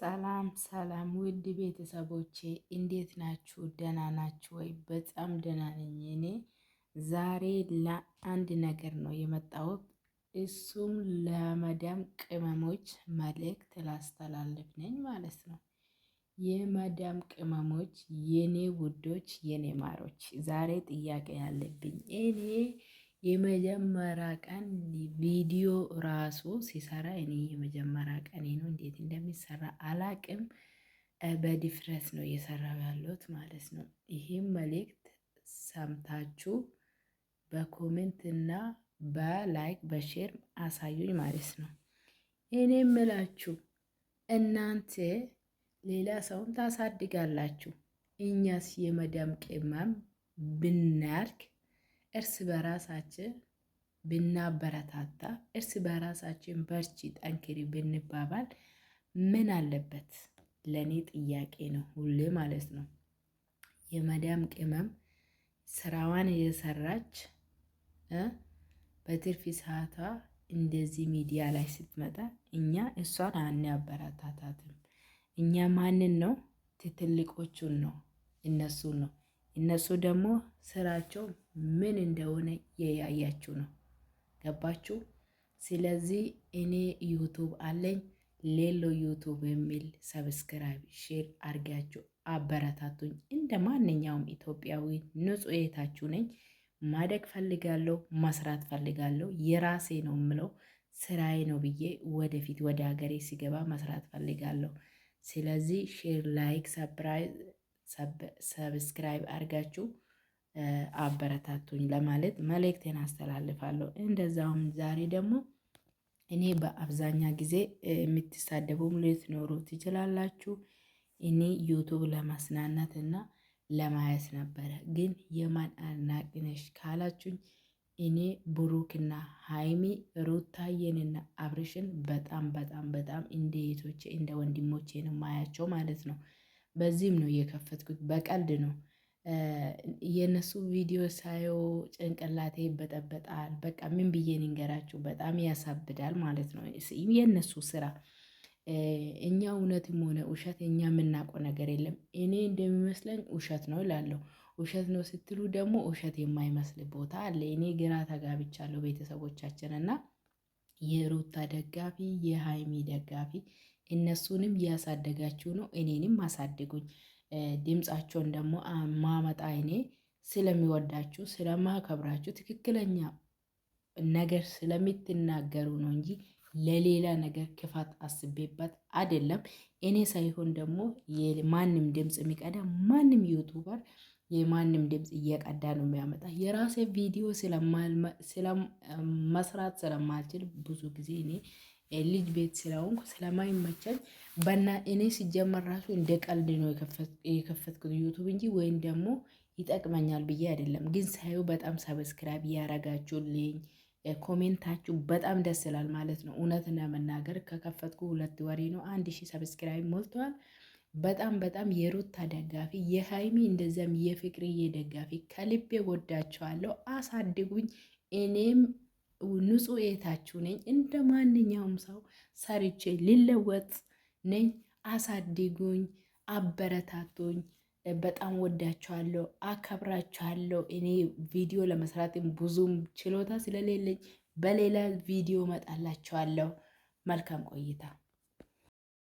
ሰላም ሰላም ውድ ቤተሰቦቼ እንዴት ናችሁ? ደህና ናችሁ ወይ? በጣም ደህና ነኝ። እኔ ዛሬ ለአንድ ነገር ነው የመጣሁት። እሱም ለመዳም ቅመሞች መልእክት ላስተላልፍ ነኝ ማለት ነው። የመዳም ቅመሞች የኔ ውዶች፣ የኔ ማሮች ዛሬ ጥያቄ ያለብኝ እኔ የመጀመሪያ ቀን ቪዲዮ ራሱ ሲሰራ እኔ የመጀመሪያ ቀኔ ነው። እንዴት እንደሚሰራ አላቅም። በድፍረት ነው እየሰራው ያለሁት ማለት ነው። ይህም መልእክት ሰምታችሁ በኮሜንት እና በላይክ በሼር አሳዩኝ ማለት ነው። እኔ ምላችሁ እናንተ ሌላ ሰውን ታሳድጋላችሁ፣ እኛስ የመዳም ቅመም ብናድግ እርስ በራሳችን ብናበረታታ፣ እርስ በራሳችን በርቺ፣ ጠንክሪ ብንባባል ምን አለበት? ለእኔ ጥያቄ ነው ሁሌ ማለት ነው። የመዳም ቅመም ስራዋን እየሰራች በትርፊ ሰዓቷ እንደዚህ ሚዲያ ላይ ስትመጣ እኛ እሷን አናበረታታትም። እኛ ማንን ነው? ትልቆቹን ነው፣ እነሱን ነው እነሱ ደግሞ ስራቸው ምን እንደሆነ የያያችሁ ነው። ገባችሁ? ስለዚህ እኔ ዩቱብ አለኝ ሌሎ ዩቱብ የሚል ሰብስክራይብ ሼር አድርጋችሁ አበረታቱኝ። እንደ ማንኛውም ኢትዮጵያዊ ንጹሕ የታችሁ ነኝ። ማደግ ፈልጋለሁ፣ መስራት ፈልጋለሁ። የራሴ ነው የምለው ስራዬ ነው ብዬ ወደፊት ወደ ሀገሬ ሲገባ መስራት ፈልጋለሁ። ስለዚህ ሼር፣ ላይክ፣ ሰብስክራይብ ሰብስክራይብ አድርጋችሁ አበረታቱኝ ለማለት መልእክቴን አስተላልፋለሁ። እንደዛውም ዛሬ ደግሞ እኔ በአብዛኛ ጊዜ የምትሳደቡም ልትኖሩ ትችላላችሁ። እኔ ዩቱብ ለማስናናት እና ለማያስ ነበረ። ግን የማን አድናቂ ነሽ ካላችሁኝ እኔ ብሩክና ሀይሚ ሩታዬንና አብርሽን በጣም በጣም በጣም እንደ እህቶቼ እንደ ወንድሞቼን ማያቸው ማለት ነው። በዚህም ነው እየከፈትኩት፣ በቀልድ ነው። የእነሱ ቪዲዮ ሳየው ጭንቅላቴ ይበጠበጣል። በቃ ምን ብዬ ንንገራችሁ? በጣም ያሳብዳል ማለት ነው የእነሱ ስራ። እኛ እውነትም ሆነ ውሸት እኛ የምናውቀው ነገር የለም። እኔ እንደሚመስለኝ ውሸት ነው እላለሁ። ውሸት ነው ስትሉ ደግሞ ውሸት የማይመስል ቦታ አለ። እኔ ግራ ተጋብቻለሁ ቤተሰቦቻችን እና የሩታ ደጋፊ የሃይሚ ደጋፊ እነሱንም እያሳደጋችሁ ነው፣ እኔንም አሳድጉኝ። ድምፃቸውን ደግሞ ማመጣ እኔ ስለሚወዳችሁ ስለማከብራችሁ ትክክለኛ ነገር ስለምትናገሩ ነው እንጂ ለሌላ ነገር ክፋት አስቤበት አይደለም። እኔ ሳይሆን ደግሞ ማንም ድምፅ የሚቀዳ ማንም ዩቱበር የማንም ድምፅ እየቀዳ ነው የሚያመጣ። የራሴ ቪዲዮ ስለመስራት ስለማልችል ብዙ ጊዜ እኔ ልጅ ቤት ስለሆንኩ ስለማይመቸኝ በና እኔ ሲጀመር ራሱ እንደ ቀልድ ነው የከፈትኩት ዩቱብ እንጂ ወይም ደግሞ ይጠቅመኛል ብዬ አይደለም። ግን ሳዩ በጣም ሰብስክራይብ እያረጋችሁልኝ ኮሜንታችሁ በጣም ደስ ይላል ማለት ነው። እውነት ለመናገር ከከፈትኩ ሁለት ወሬ ነው አንድ ሺህ ሰብስክራይብ ሞልተዋል። በጣም በጣም የሩታ ደጋፊ የሀይሚ እንደዚያም የፍቅርዬ ደጋፊ ከልቤ ወዳቸዋለሁ። አሳድጉኝ እኔም ንጹህ የታችሁ ነኝ። እንደ ማንኛውም ሰው ሰርቼ ልለወጥ ነኝ። አሳድጉኝ፣ አበረታቶኝ። በጣም ወዳችኋለሁ፣ አከብራችኋለሁ። እኔ ቪዲዮ ለመስራትም ብዙም ችሎታ ስለሌለኝ በሌላ ቪዲዮ መጣላችኋለሁ። መልካም ቆይታ